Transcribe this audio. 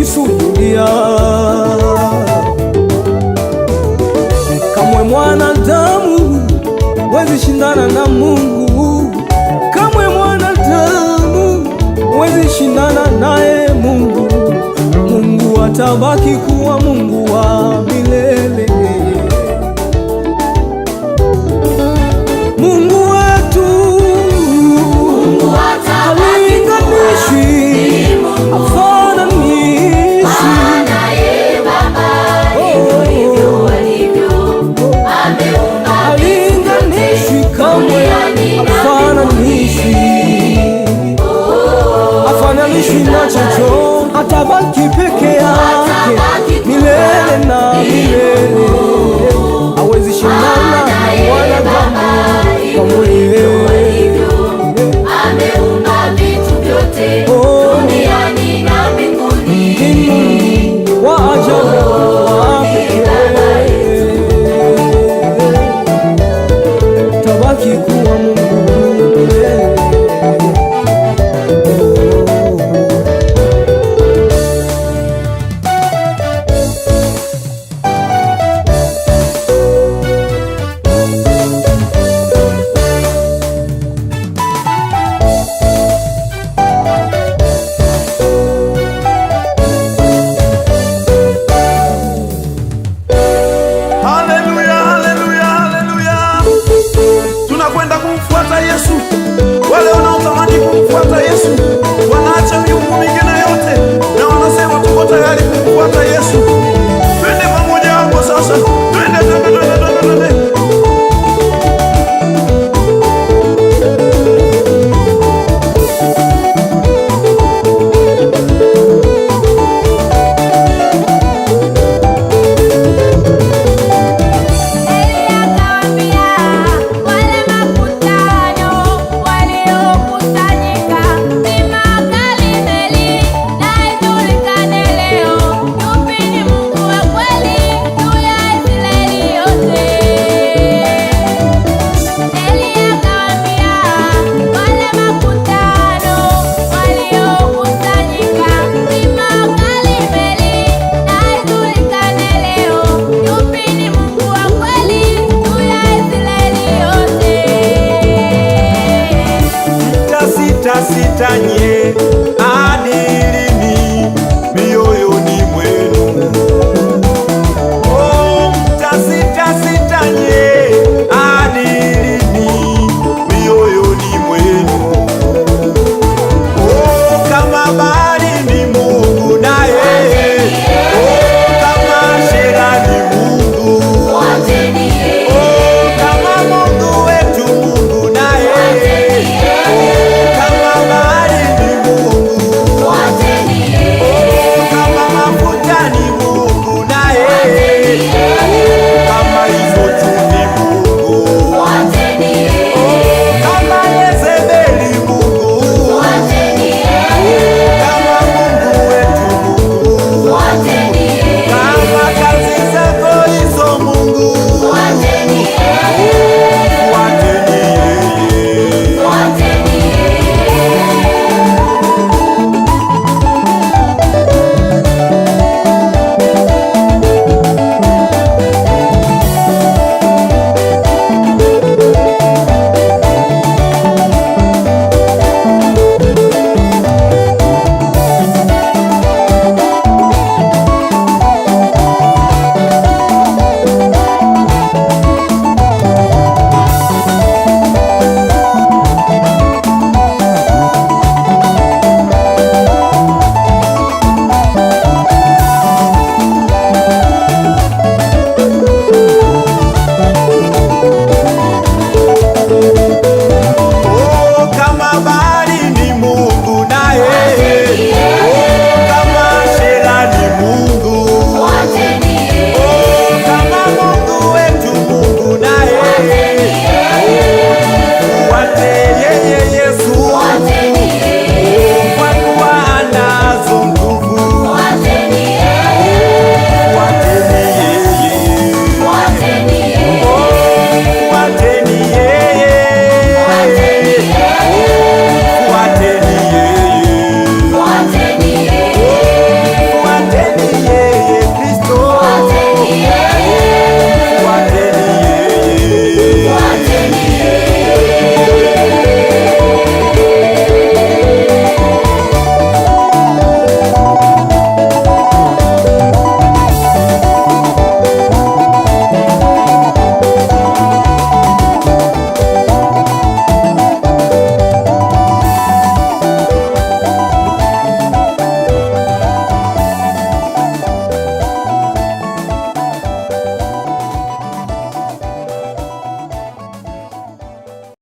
umenisujudia. Kamwe mwanadamu wezi shindana na Mungu, kamwe mwanadamu wezi shindana naye Mungu. Mungu atabaki kuwa Mungu. atabaki peke yake milele na milele, awezi shindana na damu kwa mwili. Ameumba vitu vyote oh.